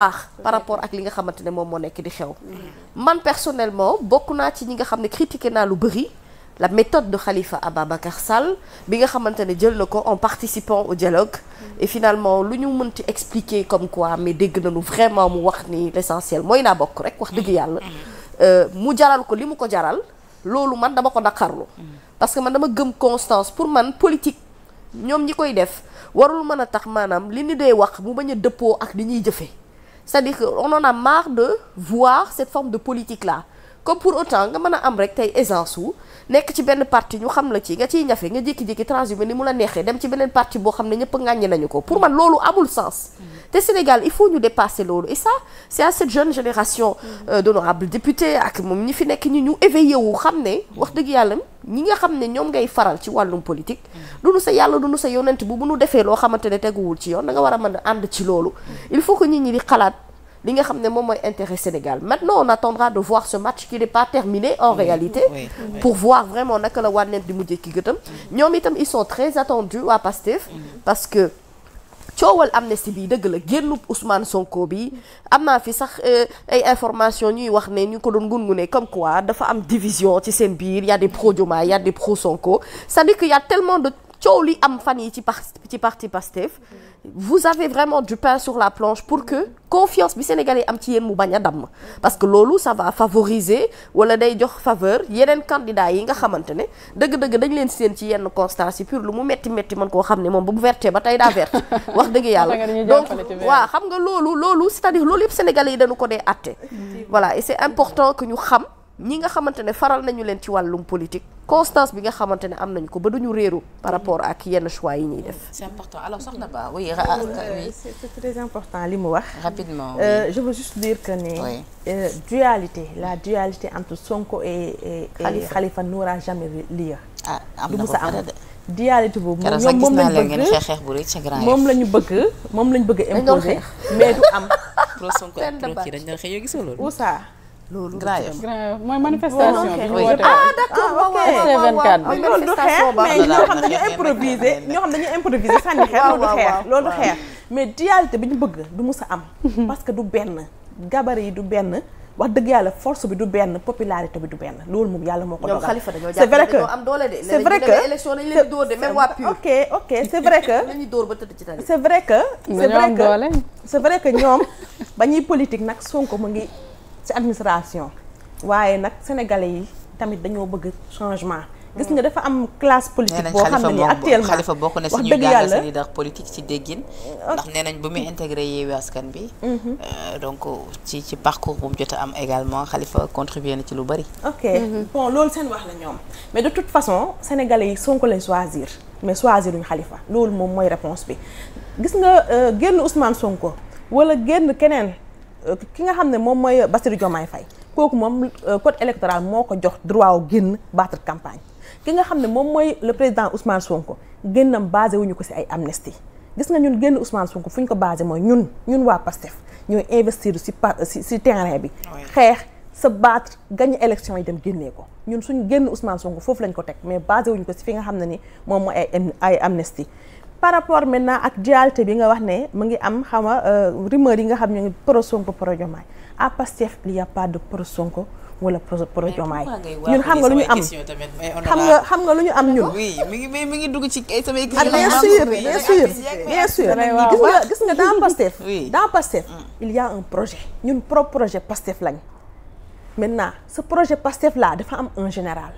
baax par rapport ak li nga xamante ne moom moo nekk di xew man personnellement bokk naa ci ñi nga xam ne critiqué naa lu bëri la méthode de Khalifa Ababacar Sall bi nga xamante ne jël na ko en participant au dialogue et finalement lu ñu mënti expliquer comme quoi mais dégg nañu vraiment mu wax ni l'essentiel mooy naa bokk rek wax dëgg yàlla euh, mu jaral ko li mu ko jaral loolu man dama ko naqarlu parce que man dama gëm constance pour man politique ñoom ñi koy def warul mën a tax maanaam li ñu dee wax mu bañ a dëppoo ak li ñuy jëfee c'est-à-dire que on en a marre de voir cette forme de politique là comme pour autant nga mën a am rek tey aisance wu nekk ci benn parti ñu xam la ci nga ciy ñafe nga jékki-jékki transhumé ni mu la neexee dem ci beneen parti boo xam ne ñëpp ŋàññi nañu ko pour man loolu amul sens mm. te Sénégal il faut ñu dépasser loolu et ça c'est à cette jeune génération mm. euh, ak moom ñi fi nekk ñi ñu éveillé wu xam ne wax dëgg yàlla ñi nga xam ne ñoom ngay faral ci wàllum politique mm. du sa yàlla du nu sa yonent bu bu nu defee loo xamante ne teguwul ci yoon da war a mën a ànd ci loolu il faut que nit ñi di xalaat li nga xam ne moom mooy intérêt Sénégal maintenant on attendra de voir ce match qui n'est pas terminé en oui, réalité oui, oui. pour voir vraiment naka la wànnent di mujjee ki gëtam ñoom itam ils sont très attendus waa Pastef parce que coowal amnistie bi dëgg la génnub Ousmane Sonko bi am naa fi sax euh, ay information ñuy wax ne ñu ko doon gungunee comme quoi dafa am division ci seen biir y a pro Diomaye y a des pro Sonko sa à dire que y a coow li am fan yi ci ci parti Pastef vous avez vraiment du pain sur la planche pour que confiance bi sénégalais am ci yéen mu bañ a damm parce que loolu sa va favoriser wala day jox faveur yeneen candidats yi nga xamante ne dëgg-dëgg dañ leen seen ci yenn constant yi pur lu mu metti metti man koo xam ne moom bu mu vertee ba tey daa verte wax dëgg yàlla donc waaw xam nga loolu loolu c'est-à-dire loolu yëpp sénégalais yi dañu ko dee atte voilà et c'est important ñu xam ñi nga xamante ne faral nañu leen ci wàllum politique constance bi nga xamante ne am nañu ko ba duñu réeru par rapport ak yenn choix yi ñuy def. c'est important alors soxna Ba oui. important li mu wax. rapidement euh, oui. je veux juste dire que ne. Oui. Euh, dualité la dualité entre Sonko et et Khalifa, Khalifa n'aura jamais lieu. ah am na am dualité boobu ñoom moom lañu bëgg moom lañu bëgg moom lañu bëgg imposer mais du am. pro Sonko ak pro kii dañu doon xeex yoo gisoo loolu. loolu grand yoff mooy manifestation bi ñu woote ah d'accord waaw waaw waaw loolu du xeex mais ñoo xam dañu improviser ñoo xam dañu improviser sànni xeex loolu du xeex mais dualité bi ñu bëgg du mus a am mhm. parce que du benn gabarit yi du benn wax dëgg yàlla force bi du benn popularité bi du benn loolu moom yàlla moo ko dogal. xalifa dañoo jàpp dañoo c'est vrai que élection dañu leen dóor de c'est vrai que. dañuy dóor ba tëdd ci c'est vrai que. c'est vrai que ñoom ba ñuy politique nag sonk mu ngi. ci administration waaye nag sénégalais yi tamit dañoo bëgg changement. gis nga dafa am classe politique boo xam ne nii actuellement xalifa bokk na suñu gàllankoor seen leader politique ci déggin. ndax nee nañ bu muy intégré yeewi askan bi. Mhm. Euh, donc ci ci parcours bu mu jot am également xalifa contribué na ci lu bari. ok mhm. bon loolu seen wax la ñoom mais de toute façon sénégalais yi Sonko lañ choisir mais choisir uñu xalifa loolu moom mooy réponse bi gis nga euh, génn Ousmane Sonko wala génn keneen. ki nga xam ne moom mooy Bassirou Diomaye Faye kooku moom euh, code électoral moo ko jox droit wu génn battre campagne ki nga xam ne moom mooy le président Ousmane Sonko génnam basé wuñu ko si ay amnistie gis nga ñun génn Ousmane Sonko fu ko basé mooy ñun ñun waa PASTEF ñooy investir ci ci ci terrain bi xeex sa battre gagné élection yi dem génnee ko ñun suñ génn Ousmane Sonko foofu lañ ko teg mais basé wuñu ko si fi nga xam ne ni moom mooy ay ay amnistie par rapport maintenant ak dualité bi nga wax ne mu ngi am xam nga euh, rumeur yi nga xam ñu ngi pro Sonko pro Diomaye à Pastef il y a pas de pro Sonko wala pro pro Diomaye ñun xam nga lu ñu am xam nga xam nga lu ñu am mi ngi mi ngi dugg ci samay ah, questions bien sûr bien sûr bien sûr gis nga gis Pastef dans Pastef mm. il y un projet ñun pro projet Pastef lañ maintenant ce projet Pastef la dafa am un général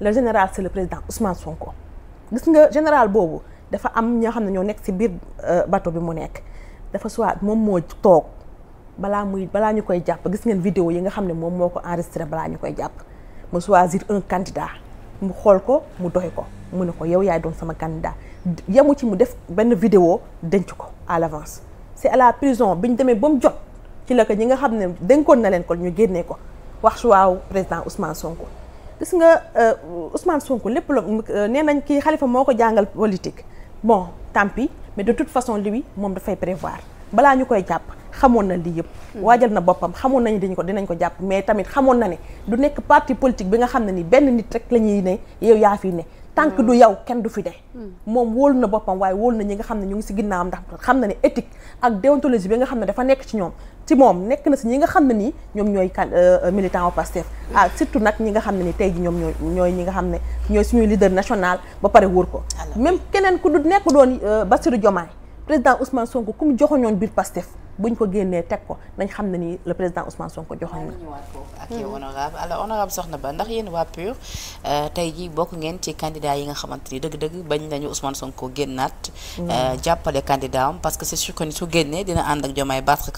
le général c'est le président Ousmane Sonko gis nga général boobu dafa am ñoo xam ne ñoo nekk ci biir euh, bateau bi mu nekk dafa soit moom moo toog balaa muy balaa ñu koy jàpp gis ngeen vidéo yi nga xam ne moom moo ko enregistré balaa ñu koy jàpp mu choisir un candidat mu xool ko mu doy ko mu ne ko yow yaay doon sama candidat yamu ci mu def benn vidéo denc ko à l'avance c'est à la prison bi ñu demee ba mu jot ci la ko ñi nga xam ne dénkoon na leen ko ñu génnee ko wax waaw président Ousmane sonku gis nga euh, Ousmane Sonko lépp la euh, nee nañ kii Khalifa moo ko jàngal politique bon tant mais de toute façon lui moom dafay prévoir balaa ñu koy jàpp xamoon na lii yëpp hmm. waajal na boppam xamoon nañu dañ ko dinañ ko jàpp mais tamit xamoon na ne du nekk parti politique bi nga xam ne ni benn nit rek la ñuy ne yow yaa fi ne tank hmm. du yow kenn du fi de hmm. moom wóolu na boppam waaye wóolu na ñi nga xam ne ñu ngi si am ndax xam na ne éthique ak déontologie bi nga xam ne dafa nekk ci ñoom ci moom nekk na si ñi nga xam ne nii ñoom ñooy kan euh, euh, militant au ah surtout nag ñi nga xam ne ni tey ji ñoom ñooy ñooy ñi nga xam ne ñooy suñuy leader national ba pare wóor ko même keneen ku du nekk doon euh, Bassirou Diomaye président Ousmane Sonko ku mu joxoñoon biir Pastef buñ ko génnee teg ko nañ xam na ni le président Ousmane Sonko joxoon na. ak yow mm-hmm. honorable alors honorable soxna Ba ndax yéen waa PUR euh, tey jii bokk ngeen ci candidat yi nga xamante ni dëgg-dëgg bañ nañu Ousmane Sonko génnaat. Mm-hmm. Euh, jàppale candidat am parce que c'est sûr que ni su génnee dina ànd ak Diomaye battre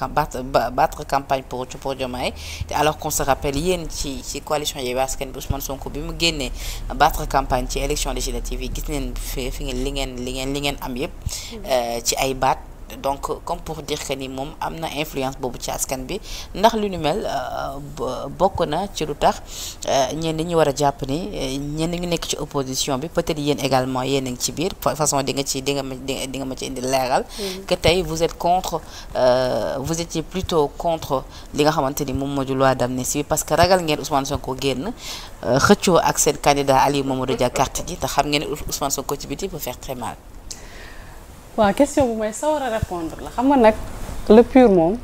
battre campagne pour pour Diomaye te alors qu'on se rappelle yéen ci ci coalition Yewwi Askan Wi Ousmane Sonko bi mu génnee battre campagne ci élection législative yi gis neen fi ngeen li ngeen li ngeen li ngeen am yëpp mm-hmm. euh, ci ay baat. donc comme pour dire que ni moom am na influence boobu ci askan bi ndax lu nu mel euh, bokk na ci lu tax euh, ñeen ñi war a jàpp ni euh, ñenn ñu nekk ci opposition bi peut-être yéen également yéen a ngi ci biir façon di nga ci di nga ma di nga ma ci indi leeral. Mm. que tey vous êtes contre vous étiez plutôt contre li nga xamante ni moom moo di loi d'amnistie parce que ragal ngeen Ousmane Sonko génn xëccoo ak seen candidat Aliou Mamadou Dia carte ji te xam ngeen ne Ousmane Sonko ci biti peut faire waaw question bu may sawar a répondre la xam nga nag le pur moom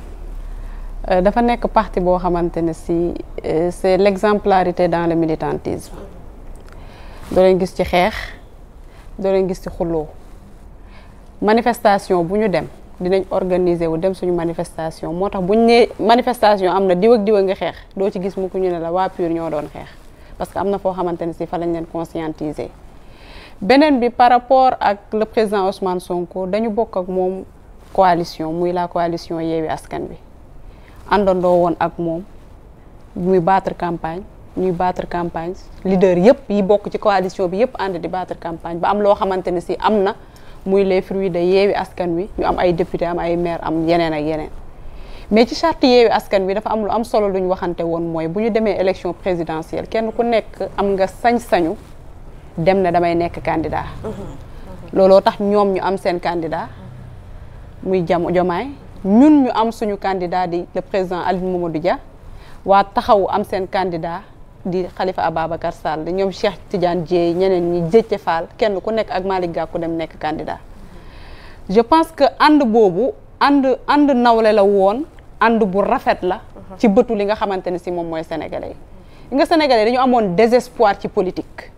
euh, dafa nekk parti boo xamante ne si euh, c'est l'exemplarité dans le militantisme doo leen gis ci xeex doo leen gis ci xuloo manifestation bu ñu dem dinañ organiser wu dem suñu manifestation moo tax bu buñ nee manifestation am na diw ak diw nga xeex doo ci gis mu ku ñu ne la waa pur ñoo doon xeex parce que am na foo xamante ne si fa lañ leen conscientiser beneen bi par rapport ak le président Ousmane Sonko dañu bokk ak moom coalition muy la coalition Yewwi Askan Wi àndandoo woon ak moom muy battre campagne ñuy battre campagne leader yëpp yi bokk ci coalition bi yëpp ànd di battre campagne ba am loo xamante ne si am na muy les fruits de Yewwi Askan Wi ñu am ay député am ay maire am yeneen ak yeneen mais ci charte Yewwi Askan Wi dafa am lu am solo lu ñu waxante woon mooy bu ñu demee élection présidentielle kenn ku nekk am nga sañ-sañu dem na damay nekk candidat mhm. Mhm. looloo tax ñoom ñu am seen candidat muy jam jomaay ñun ñu am suñu candidat di le président Aliou Mamadou ja waa taxaw am seen candidat di Khalifa Ababacar Sall ñoom Cheikh Tidiane Dieye ñeneen ñi Déthié Fall kenn ku nekk ak Malick Gakou dem nekk candidat je pense que ànd boobu ànd ànd nawle la woon ànd bu rafet la mhm. ci bëtu li nga xamante ne si moom mooy sénégalais yi nga sénégalais dañu amoon désespoir ci politique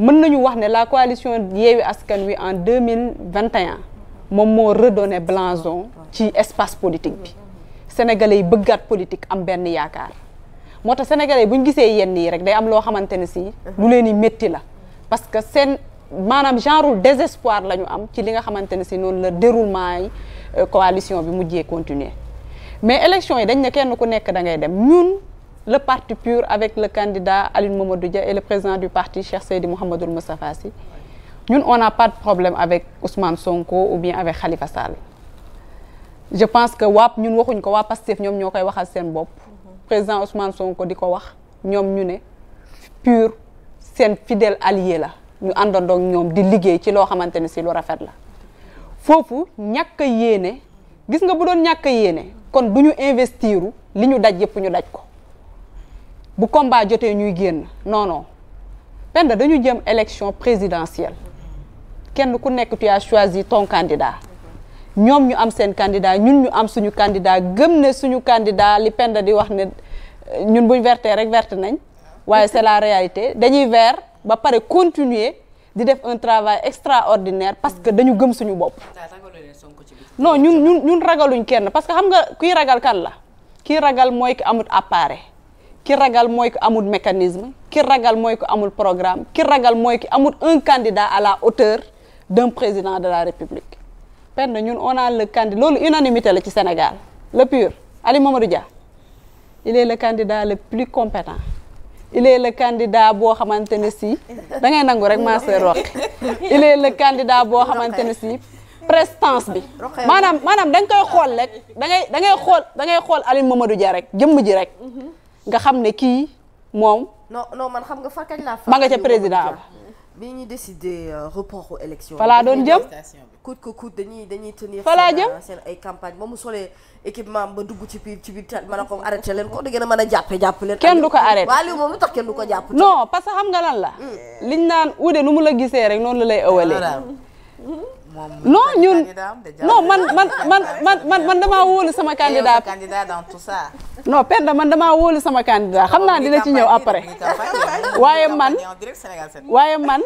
mën nañu wax ne la coalition Yewwi Askan Wi en deux mille vingt et moom moo redonné blanchon ci espace politique bi sénégalais yi bëggaat politique am benn yaakaar moo tax sénégalais bu ñu gisee yenn yi rek day am loo xamante ne si. lu leen di métti la parce que seen maanaam genre désespoir la ñu am ci li nga xamante ne si noonu la déroulement yi euh, coalition bi mujjee continuer mais élection yi dañ ne kenn ku nekk da dem ñun. le parti pur avec le candidat Aline Mamadou Dia et le président du parti Cheikh Seydi Mouhamadoul Moustapha si ñun on n'a pas de problème avec Ousmane Sonko ou bien avec Khalifa Sall je pense que waa ñun waxuñ ko waa Pastef ñoom ñoo koy waxal seen bopp président Ousmane Sonko di ko wax ñoom ñu ne pur seen fidèle allié la ñu àndandoog ñoom di liggéey ci loo xamante ne si lu rafet la foofu ñàkk a yéene gis nga bu doon ñàkk a yéene kon du ñu investiru li ñu daj yëpp ñu daj ko bu combat jotee ñuy génn non non Penda dañu jëm élection présidentielle kenn ku nekk tu as choisi ton candidat ñoom ñu am seen candidat ñun ñu am suñu candidat gëm ne suñu candidat li Penda di wax ne euh, ñun buñ vertee rek verte nañ waaye c'est la réalité dañuy vert ba pare continuer di def un travail extraordinaire parce que dañu gëm suñu bopp non ñun ñun ñun ragaluñ kenn parce que xam nga kuy ragal kan la kii ragal mooy ki amut appareil ki ragal mooy ko amul mécanisme ki ragal mooy ko amul programme ki ragal mooy ko amul un candidat à la hauteur d'un président de la république Penda ñun on a le candidat loolu unanimité la ci Sénégal le pur Ali Mamadou Dia il est le candidat le plus compétent il est le candidat boo xamante ne si da ngay nangu rek maa sœur Roqe il le candidat boo xamante ne si prestance bi maanaam maanaam da nga xool rek da ngay da ngay xool dangay xool Aliou Mamadou Dia rek jëmm ji rek nga xam ne kii moom. non non man xam nga fan kañ laa. ma nga ca président ba. bi ñuy décider euh, report aux élections. falaa doon jëm coûte que coûte dañuy dañuy tenir. falaa jëm seen ay campagne ba mu solee équipement ba dugg ci biir ci biir tal mën a ko arrêté leen ko da ngeen a mën a jàppe jàpp leen. kenn du ko arrêté waaw lii moom lu tax kenn du ko jàpp. non parce que xam nga lan la. Hmm. liñ naan uude nu mu la gisee rek noonu la lay ëwalee. non ñun non man man man man man damaa wóolu sama candidat non Penda man damaa wóolu sama candidat xam naa dina ci ñëw après waaye man waaye man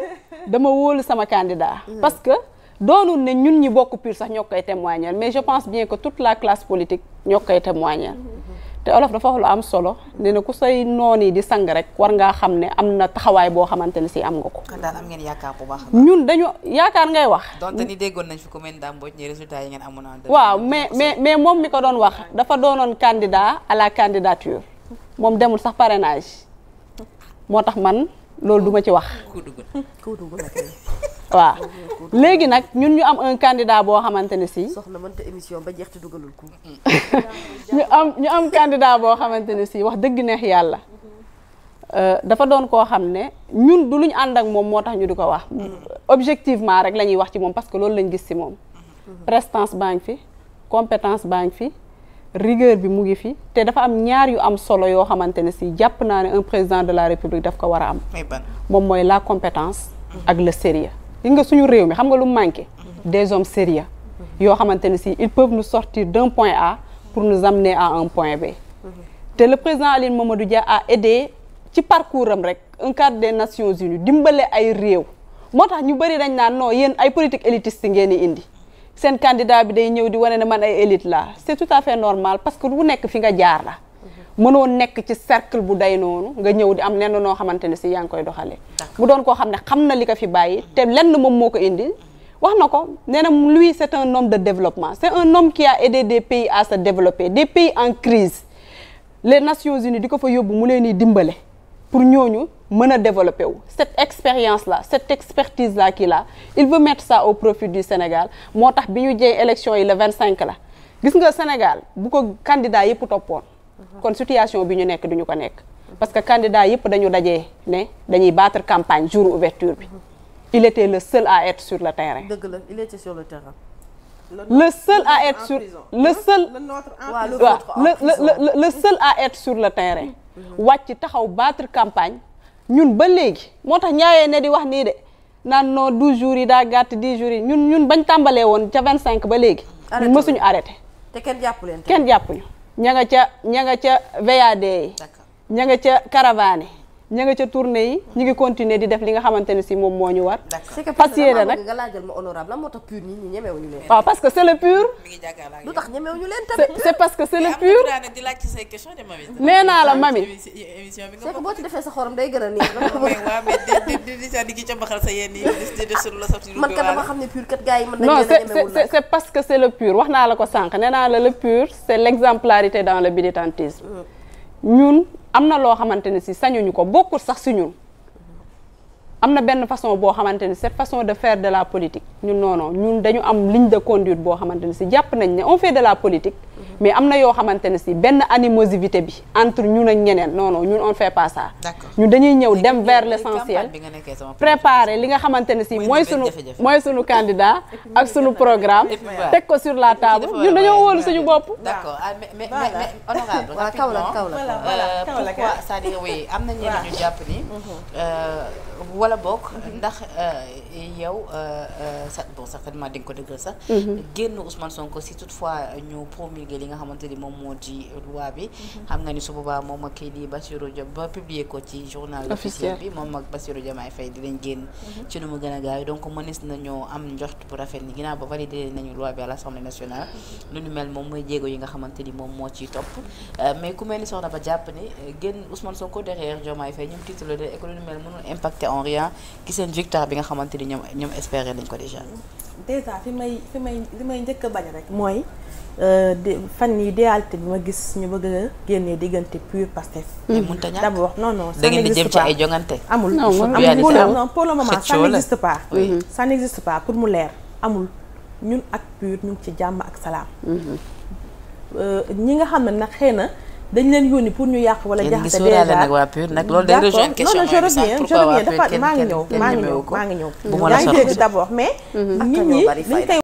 dama wóolu sama candida hmm. parce que doonul ne ñun ñi bokk pur sax ñoo koy témoigner mais je pense bien que toute la classe politique ñoo koy témoigner hmm. te olof dafa wax lu am solo nee na ku say noon yi di sang rek war ngaa xam ne am na taxawaay boo xamante ne si am nga ko. kon daal ngeen yaakaar bu baax ñun dañu yaakaar ngay wax. donte ni déggoon nañ fi ku mel ni résultat yi ngeen amoon. waaw mais mais mais moom mi ko doon wax dafa doonoon candidat à la moom demul sax parrainage moo tax man loolu duma ci wax. ku dugg ku waaw léegi nag ñun ñu am un boo xamante ne si. soxna mënta émission ba jeex te dugalul ko. ñu am ñu boo xamante ne si wax dëgg neex yàlla. Euh, dafa doon koo xam ne ñun du luñ ànd ak moom moo tax ñu di ko wax. objectivement rek la ñuy wax ci moom parce que loolu lañ gis si moom. prestance baa ngi fi compétence baa ngi fi. rigueur bi mu ngi fi te dafa am ñaar yu am solo yoo xamante ne si jàpp naa ne un président de la république daf ko war a am moom mooy la compétence ak le sérieux li nga suñu réew mi xam nga lu manqué des hommes sérieux yoo xamante ne si il peuvent nous sortir d'un point A pour nous amener à un point B te le président Aline Mamadou Dia a aidé ci parcours am rek un cadre des Nations Unies dimbale ay réew moo tax ñu bëri dañ naan non yen ay politique élitiste ngeen di indi seen candidat bi day ñëw di wane ne man ay élite la c'est tout à fait normal parce que lu nekk fi nga jaar la mënoo nekk ci cercle bu day noonu nga ñëw di am lenn noo xamante ne si yaa ngi koy doxalee mu doon koo xam ne xam na li ko fi bàyyi te lenn moom moo ko indi wax na ko nee na lui c'est un homme de développement c'est un homme qui a aidé des pays à se développer des pays en crise les Nations Unies di ko fa yóbbu mu leen di dimbale pour ñooñu mën a développer wu cette expérience la cette expertise là kii là il veut mettre ça au profit du Sénégal moo tax bi ñu jëyee élection yi le 25 la gis nga Sénégal bu ko candidat yëpp toppoon kon situation bi ñu nekk duñu ko nekk parce que candidat yëpp dañu dajee ne dañuy battre campagne jour ouverture bi il était le seul à être sur le terrain dëgg la il était sur le terrain le seul à être sur le seul waaw le le le seul à être sur le terrain mhm. wàcc taxaw battre campagne ñun ba léegi moo tax ñaawee ne di wax nii de naan non 12 jours yi daa gàtt 10 jours yi ñun ñun bañ tàmbalee woon ca cinq ba léegi. arrêté mësuñu arrêté. te kenn jàpp leen kenn jàppuñu. ña nga ca ña nga ca VAD ña nga ca caravane ña nga ca tournée yi ñu ngi continuer di def li nga xamante ne si moom moo ñu war. fas yéene nag nga laajal ma honorable lan moo tax pur ñi ñu leen. waaw parce que c' est pur. lu la mami. c'est que boo ci defee xam ne pur a que c' est wax naa la ko sànq nee naa la le pur c' est l' exemplarité dans le militantisme ñun am na loo xamante ne si sañuñu ko bokkul sax si ñun am na benn façon boo xamante ni cette façon de faire de la politique ñun non non ñun dañu am ligne de conduite boo xamante ni si jàpp nañ ne on fait de la politique. Mhm. mais am na yoo xamante ne si benn animosité bi entre ñu na ñeneen non ñun on fait pas ça. ñun dañuy ñëw dem vers l' essentiel. préparer li nga xamante ne si mooy sunu mooy sunu candidat ak sunu programme. teg ko sur la table ñun dañoo wóolu suñu bopp. d' accord ah, mais mais honorable rapidement voilà Kaolack euh, Kaolack pourquoi c'est-à-dire oui am na wala bokk mhm. ndax euh, yow euh, euh, sa bon certainement di nga ko dëggal sax mhm. génn Ousmane Sonko si toutefois ñu promulgué li nga xamante ni moom moo di loi bi mhm. xam nga ni su boobaa moom ak kii di Bassirou ba publier ko ci journal officiel bi moom ak Bassirou Diomaye Faye dinañ génn ci nu mu gën a gaaw donc mënees nañoo am njort bu rafet ni ginnaaw ba validé nañu loi bi à l'Assemblée nationale lu ñu mel moom mooy jéego yi nga xamante ni moom moo ciy topp mais ku mel ni soxna ba jàpp client ki seen victoire bi nga xamante ni ñoom ñoom espérer nañ ko déjà. déjà fi may fi may li may njëkk a bañ rek. mooy euh, fan yii dualité bi ma gis ñu bëgg a génnee diggante pur Pastef. d'abord non non. ça n'existe pas da ngeen di jëm ci ay jongante. amul non pour le moment mm-hmm. ça n'existe pas. pour mu leer amul ñun ak pur ñu ngi ci jàmm ak salaam. Mm-hmm. Euh, ñi nga xam ne nag xëy na. dañ leen yónni pour ñu yàq wala jaxase déjà nag waa PUR nag loolu day rejoindre question non je reviens je reviens dafa maa ngi ñëw maa ngi ñëw maa ngi ñëw yaa mais nit ñi dañ koy